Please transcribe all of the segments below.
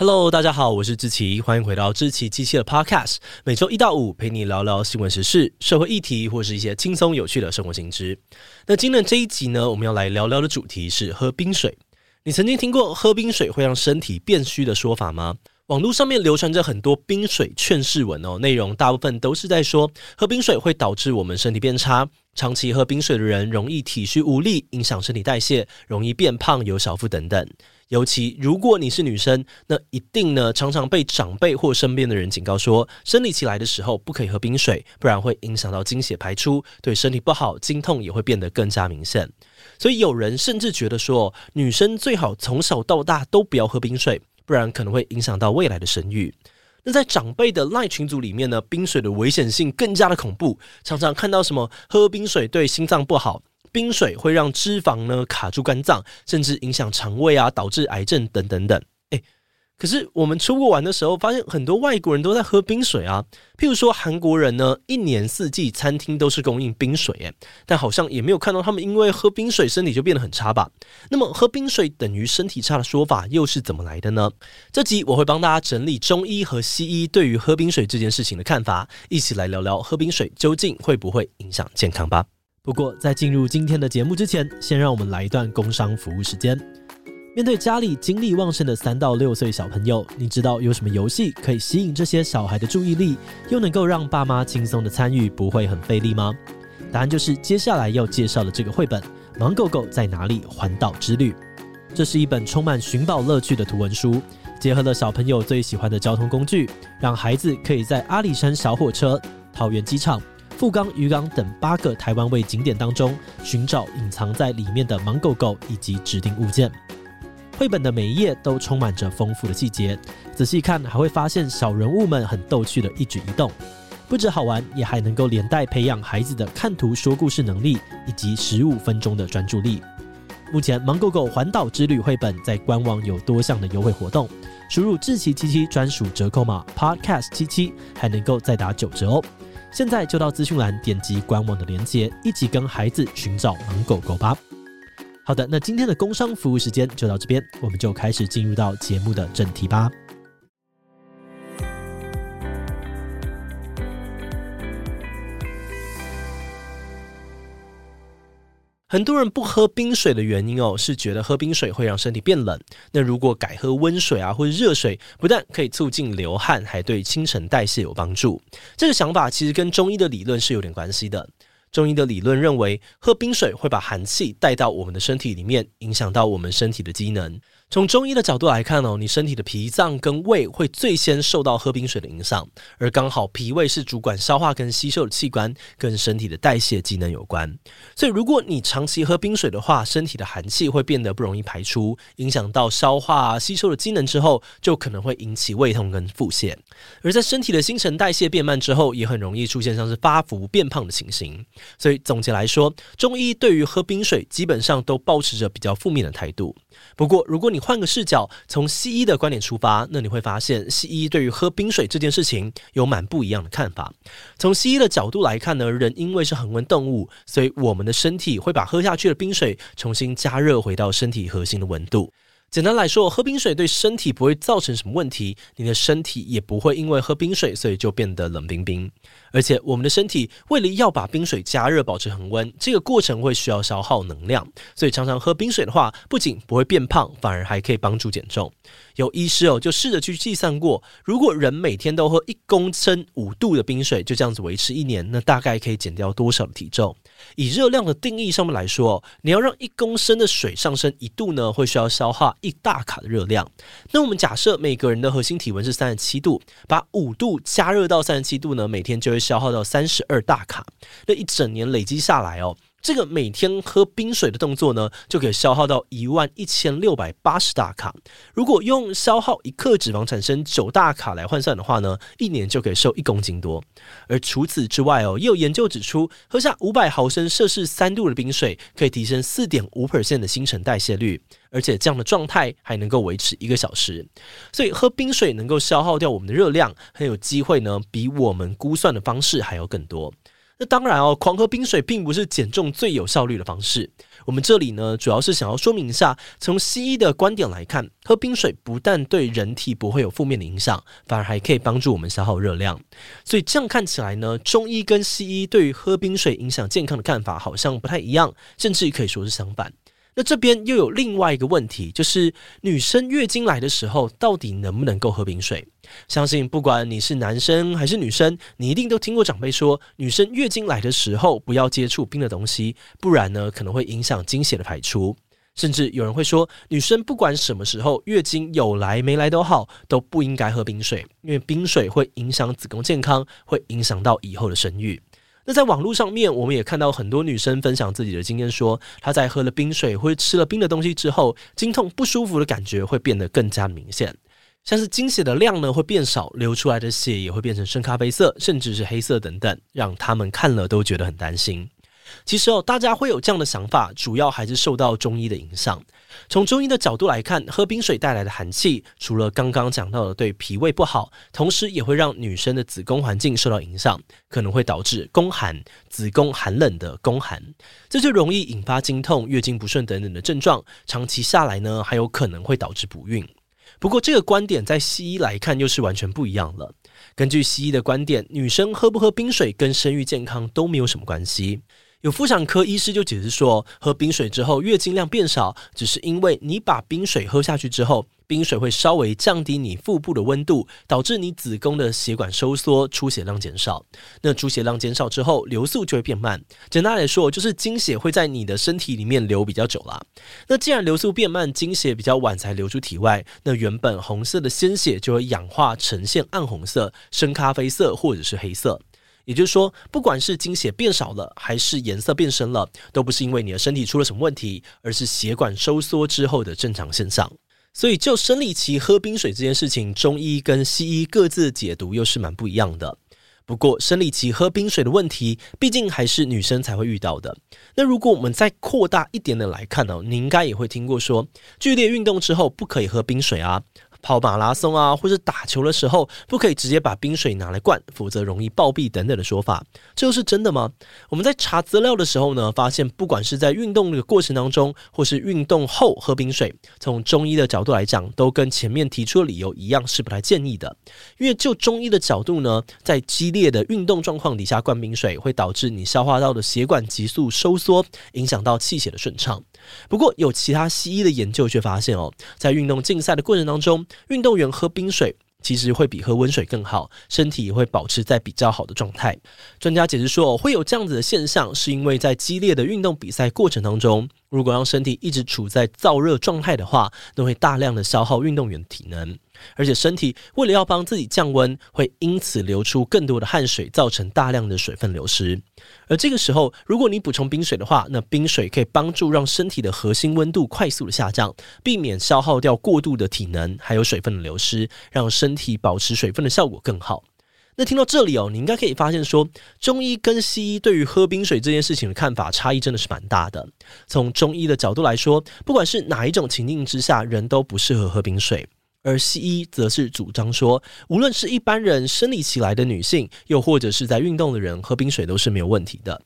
Hello，大家好，我是志祺，歡迎回到志祺七七的 Podcast。每週一到五陪你聊聊新聞時事、社會議題，或是一些輕鬆有趣的生活新知。那今天這一集呢，我們要來聊聊的主題是喝冰水。你曾經聽過喝冰水會讓身體變虛的說法嗎？網絡上面流傳着很多冰水勸世文哦，內容大部分都是在說喝冰水會導致我們身體變差，長期喝冰水的人容易體虛無力，影響身體代謝，容易變胖、有小腹等等。尤其如果你是女生，那一定呢常常被長輩或身邊的人警告說，生理期來的時候不可以喝冰水，不然會影響到經血排出，對身體不好，經痛也會變得更加明顯。所以有人甚至覺得說，女生最好從小到大都不要喝冰水，不然可能會影響到未來的生育。那在長輩的賴群組裡面呢，冰水的危險性更加的恐怖，常常看到什麼喝冰水對心臟不好。冰水會讓脂肪呢卡住肝臟，甚至影響腸胃啊，導致癌症等等等。誒、欸，可是我們出國玩的時候，發現很多外國人都在喝冰水啊。譬如說韓國人呢，一年四季餐廳都是供應冰水，誒，但好像也沒有看到他們因為喝冰水身體就變得很差吧。那麼喝冰水等於身體差的說法又是怎麼來的呢？這集我會幫大家整理中醫和西醫對於喝冰水這件事情的看法，一起來聊聊喝冰水究竟會不會影響健康吧。不過，在進入今天的節目之前，先讓我們來一段工商服務時間。面對家裡精力旺盛的三到六歲小朋友，你知道有什麼遊戲可以吸引這些小孩的注意力，又能夠讓爸媽輕鬆的參與，不會很費力嗎？答案就是接下來要介紹的這個繪本《芒狗狗在哪裡？環島之旅》。這是一本充滿尋寶樂趣的圖文書，結合了小朋友最喜歡的交通工具，讓孩子可以在阿里山小火車、桃園機場。富岡、魚缸等八個台灣味景點當中，尋找隱藏在裡面的芒狗狗以及指定物件。繪本的每一頁都充滿着豐富的細節，仔細看還會發現小人物們很逗趣的一舉一動。不止好玩，也還能夠連帶培養孩子的看圖說故事能力以及十五分鐘的專注力。目前《芒狗狗環島之旅》繪本在官網有多項的優惠活動，輸入志祺七七專屬折扣碼 Podcast 七七，還能夠再打九折哦。現在就到資訊欄，點擊官網的鏈接，一起跟孩子尋找芒狗狗吧。好的，那今天的工商服務時間就到這邊，我們就開始進入到節目的正題吧。很多人不喝冰水的原因哦，是覺得喝冰水會讓身體變冷。那如果改喝溫水啊，或者熱水，不但可以促進流汗，還對新陳代謝有幫助。這個想法其實跟中醫的理論是有點關係的。中醫的理論認為，喝冰水會把寒氣帶到我們的身體裡面，影響到我們身體的機能。從中醫的角度來看哦，你身體的脾臟跟胃會最先受到喝冰水的影響，而剛好脾胃是主管消化跟吸收的器官，跟身體的代謝機能有關。所以如果你長期喝冰水的話，身體的寒氣會變得不容易排出，影響到消化、啊、吸收的機能之後，就可能會引起胃痛跟腹瀉。而在身體的新陳代謝變慢之後，也很容易出現像是發福變胖的情形。所以總結來說，中醫對於喝冰水基本上都保持着比較負面的態度。不過如果你換個視角，從西醫的觀點出發，那你會發現西醫對於喝冰水這件事情有蠻不一樣的看法。從西醫的角度來看呢，人因為是恆溫動物，所以我們的身體會把喝下去的冰水重新加熱回到身體核心的溫度。簡單來說，喝冰水對身體不會造成什麼問題，你的身體也不會因為喝冰水所以就變得冷冰冰。而且我們的身體為了要把冰水加熱保持恆溫，這個過程會需要消耗能量，所以常常喝冰水的話，不僅不會變胖，反而還可以幫助減重。有醫師哦，就試着去計算過，如果人每天都喝一公升五度的冰水，就這樣子維持一年，那大概可以減掉多少的體重？以熱量的定義上面來說，你要讓一公升的水上升一度呢，會需要消耗一大卡的熱量。那我們假設每個人的核心體溫是三十七度，把五度加熱到三十七度呢，每天就會消耗到三十二大卡，這一整年累積下來哦，這個每天喝冰水的動作呢，就可以消耗到一萬一千六百八十大卡。如果用消耗一克脂肪產生九大卡來換算的話呢，一年就可以瘦一公斤多。而除此之外哦，也有研究指出，喝下五百毫升攝氏三度的冰水，可以提升四點五%的新陳代謝率，而且這樣的狀態還能夠維持一個小時。所以喝冰水能夠消耗掉我們的熱量，很有機會呢，比我們估算的方式還要更多。那當然哦，狂喝冰水並不是減重最有效率的方式。我們這裡呢，主要是想要說明一下，從西醫的觀點來看，喝冰水不但對人體不會有負面的影響，反而還可以幫助我們消耗熱量。所以這樣看起來呢，中醫跟西醫對於喝冰水影響健康的看法好像不太一樣，甚至可以說是相反。那這邊又有另外一個問題，就是女生月經來的時候，到底能不能夠喝冰水？相信不管你是男生還是女生，你一定都聽過長輩說，女生月經來的時候不要接觸冰的東西，不然呢可能會影響經血的排出。甚至有人會說，女生不管什麼時候月經有來沒來都好，都不應該喝冰水，因為冰水會影響子宮健康，會影響到以後的生育。那在網絡上面，我們也看到很多女生分享自己的經驗，說，她在喝了冰水或吃了冰的東西之後，經痛不舒服的感覺會變得更加明顯。像是經血的量呢會變少，流出來的血也會變成深咖啡色，甚至是黑色等等，讓她們看了都覺得很擔心。其實哦，大家會有這樣的想法，主要還是受到中醫的影響。從中醫的角度來看，喝冰水帶來的寒氣，除了剛剛講到的對脾胃不好，同時也會讓女生的子宮環境受到影響，可能會導致宮寒、子宮寒冷的宮寒，這就容易引發經痛、月經不順等等的症狀。長期下來呢，還有可能會導致不孕。不過，這個觀點在西醫來看又是完全不一樣了。根據西醫的觀點，女生喝不喝冰水跟生育健康都沒有什麼關係。有婦產科醫師就解釋說，喝冰水之後月經量變少，只是因為你把冰水喝下去之後，冰水會稍微降低你腹部的溫度，導致你子宮的血管收縮，出血量減少。那出血量減少之後，流速就會變慢。簡單來說，就是經血會在你的身體裡面流比較久了。那既然流速變慢，經血比較晚才流出體外，那原本紅色的鮮血就會氧化，呈現暗紅色、深咖啡色或者是黑色。也就是說，不管是經血變少了，還是顏色變深了，都不是因為你的身體出了什麼問題，而是血管收縮之後的正常現象。所以，就生理期喝冰水這件事情，中醫跟西醫各自的解讀又是蠻不一樣的。不過，生理期喝冰水的問題，畢竟還是女生才會遇到的。那如果我們再擴大一點點來看呢、哦，你應該也會聽過說，劇烈運動之後不可以喝冰水啊。跑馬拉松啊，或是打球的時候，不可以直接把冰水拿來灌，否則容易暴斃等等的說法，這又是真的嗎？我們在查資料的時候呢，發現不管是在運動的過程當中，或是運動後喝冰水，從中醫的角度來講，都跟前面提出的理由一樣，是不太建議的。因為就中醫的角度呢，在激烈的運動狀況底下灌冰水，會導致你消化道的血管急速收縮，影響到氣血的順暢。不過有其他西醫的研究卻發現哦，在運動競賽的過程當中，運動員喝冰水其實會比喝溫水更好，身體也會保持在比較好的狀態。專家解釋說，會有這樣子的現象，是因為在激烈的運動比賽過程當中。如果讓身體一直處在燥熱狀態的話，那會大量的消耗運動員的體能，而且身體為了要幫自己降溫，會因此流出更多的汗水，造成大量的水分流失。而這個時候，如果你補充冰水的話，那冰水可以幫助讓身體的核心溫度快速的下降，避免消耗掉過度的體能，還有水分的流失，讓身體保持水分的效果更好。那聽到這裡哦，你應該可以發現說，中醫跟西醫對於喝冰水這件事情的看法差異真的是蠻大的。從中醫的角度來說，不管是哪一種情境之下，人都不適合喝冰水；而西醫則是主張說，無論是一般人、生理期來的女性，又或者是在運動的人，喝冰水都是沒有問題的。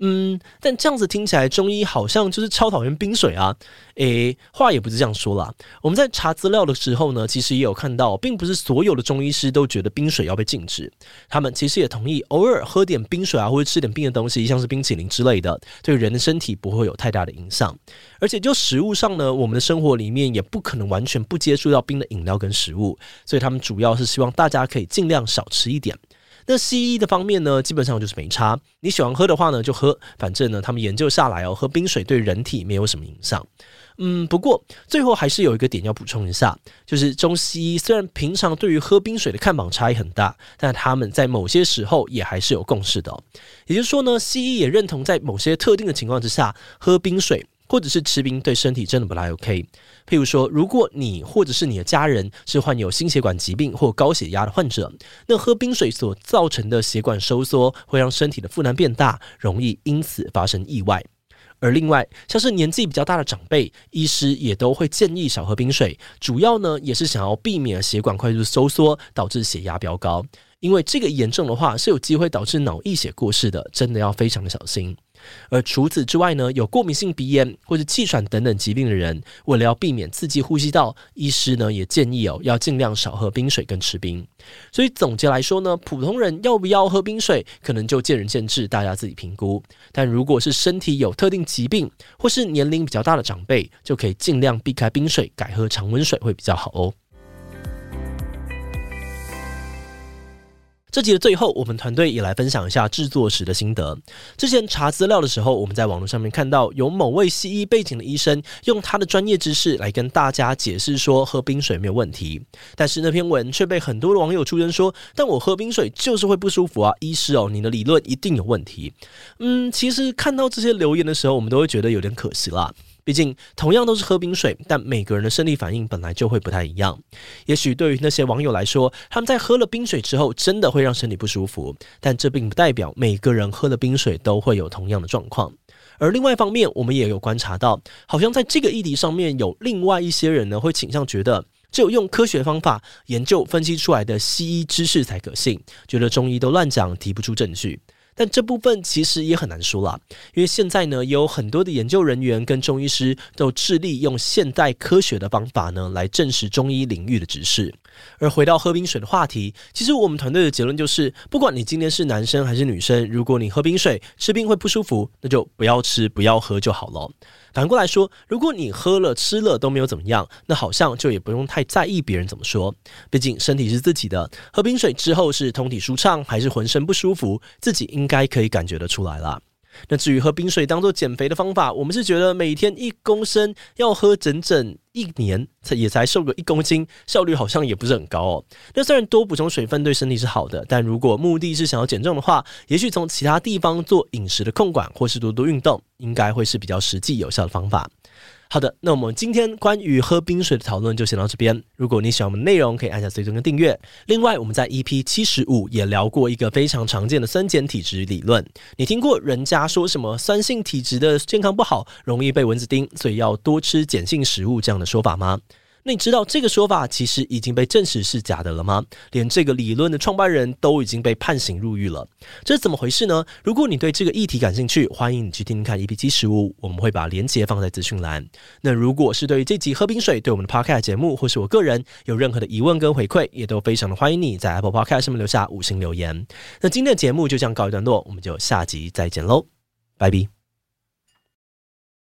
嗯，但這樣子聽起來，中醫好像就是超討厭冰水啊！誒、欸，話也不是這樣說啦。我們在查資料的時候呢，其實也有看到，並不是所有的中醫師都覺得冰水要被禁止。他們其實也同意，偶爾喝點冰水啊，或者吃點冰的東西，像是冰淇淋之類的，對人的身體不會有太大的影響。而且就食物上呢，我們的生活裡面也不可能完全不接觸到冰的飲料跟食物，所以他們主要是希望大家可以盡量少吃一點。那西醫的方面呢，基本上就是沒差。你喜歡喝的話呢，就喝。反正呢，他們研究下來哦，喝冰水對人體沒有什麼影響。嗯，不過最後還是有一個點要補充一下，就是中西醫雖然平常對於喝冰水的看法差異很大，但他們在某些時候也還是有共識的哦。也就是說呢，西醫也認同在某些特定的情況之下喝冰水。或者是吃冰對身體真的不太 OK。譬如說，如果你或者是你的家人是患有心血管疾病或高血壓的患者，那喝冰水所造成的血管收縮會讓身體的負擔變大，容易因此發生意外。而另外，像是年紀比較大的長輩，醫師也都會建議少喝冰水，主要呢也是想要避免血管快速收縮導致血壓飆高，因為這個嚴重的話是有機會導致腦溢血過世的，真的要非常的小心。而除此之外呢，有過敏性鼻炎或者氣喘等等疾病的人，為了要避免刺激呼吸道，醫師呢也建議哦，要儘量少喝冰水跟吃冰。所以總結來說呢，普通人要不要喝冰水，可能就見仁見智，大家自己評估。但如果是身體有特定疾病或是年齡比較大的長輩，就可以儘量避開冰水，改喝常溫水會比較好哦。這集的最後，我們團隊也來分享一下製作時的心得。之前查資料的時候，我們在網絡上面看到有某位西醫背景的醫生，用他的專業知識來跟大家解釋說喝冰水沒有問題。但是那篇文卻被很多的網友出征說，但我喝冰水就是會不舒服啊，醫師哦，你的理論一定有問題。嗯，其實看到這些留言的時候，我們都會覺得有點可惜啦。畢竟，同樣都是喝冰水，但每個人的生理反應本來就會不太一樣。也許對於那些網友來說，他們在喝了冰水之後，真的會讓身體不舒服。但這並不代表每個人喝了冰水都會有同樣的狀況。而另外一方面，我們也有觀察到，好像在這個議題上面，有另外一些人呢，會傾向覺得只有用科學方法研究分析出來的西醫知識才可信，覺得中醫都亂講，提不出證據。但這部分其實也很難說啦，因為現在呢，有很多的研究人員跟中醫師都致力用現代科學的方法呢，來證實中醫領域的知識。而回到喝冰水的話題，其實我們團隊的結論就是，不管你今天是男生還是女生，如果你喝冰水吃冰會不舒服，那就不要吃，不要喝就好了。反過來說，如果你喝了吃了都沒有怎麼樣，那好像就也不用太在意別人怎麼說。畢竟身體是自己的，喝冰水之後是通體舒暢，還是渾身不舒服，自己應該可以感覺得出來啦。那至於喝冰水當做減肥的方法，我們是覺得每天一公升要喝整整一年，才也才瘦個一公斤，效率好像也不是很高哦。那雖然多補充水分對身體是好的，但如果目的是想要減重的話，也許從其他地方做飲食的控管或是多多運動，應該會是比較實際有效的方法。好的，那我們今天關於喝冰水的討論就先到這邊。如果你喜歡我們的內容，可以按下追蹤跟訂閱。另外，我們在 EP 七十五也聊過一個非常常見的酸鹼體質理論。你聽過人家說什麼酸性體質的健康不好，容易被蚊子叮，所以要多吃鹼性食物這樣的說法嗎？那你知道這個說法其實已經被證實是假的了嗎？連這個理論的創辦人都已經被判刑入獄了，這是怎麼回事呢？如果你對這個議題感興趣，歡迎你去聽聽看 EP75，我們會把鏈接放在資訊欄。那如果是對於這集喝冰水對我們的 Podcast 節目或是我個人有任何的疑問跟回饋，也都非常的歡迎你在 Apple Podcast 上面留下五星留言。那今天的節目就這樣告一段落，我們就下集再見嘍，拜拜。